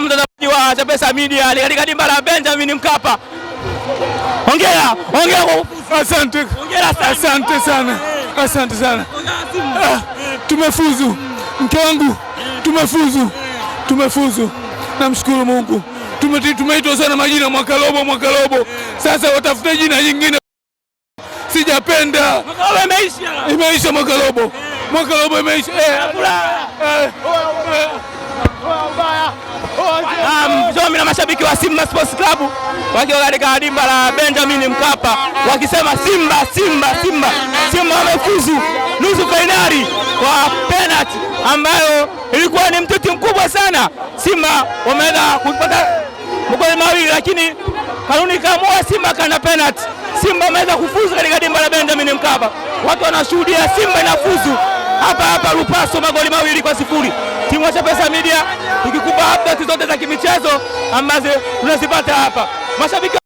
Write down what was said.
na mtazamaji wa Chapesa Media ali katika dimba la Benjamin Mkapa. Hongera, hongera kwa asante. Hongera asante sana. Asante sana. Ah, tumefuzu. Mke wangu, tumefuzu. Tumefuzu. Namshukuru Mungu. Tumeitwa sana majina mwaka robo, mwaka robo. Sasa watafute jina jingine. Sijapenda. Mwaka Imeisha mwaka robo. Mwaka robo imeisha. Eh. Mjombi na mashabiki wa Simba Sports Club wakiwa katika dimba la Benjamin Mkapa wakisema Simba, Simba, Simba. Simba wamefuzu nusu fainali kwa penalti ambayo ilikuwa ni mtiti mkubwa sana. Simba wameenda kupata magoli mawili, lakini kanuni kaamua Simba kana penalti. Simba wameweza kufuzu katika dimba la Benjamin Mkapa, watu wanashuhudia Simba inafuzu hapa hapa Lupaso magoli mawili kwa sifuri. Timu ya Chapesa Media tukikupa update zote za kimichezo ambazo tunazipata hapa mashabiki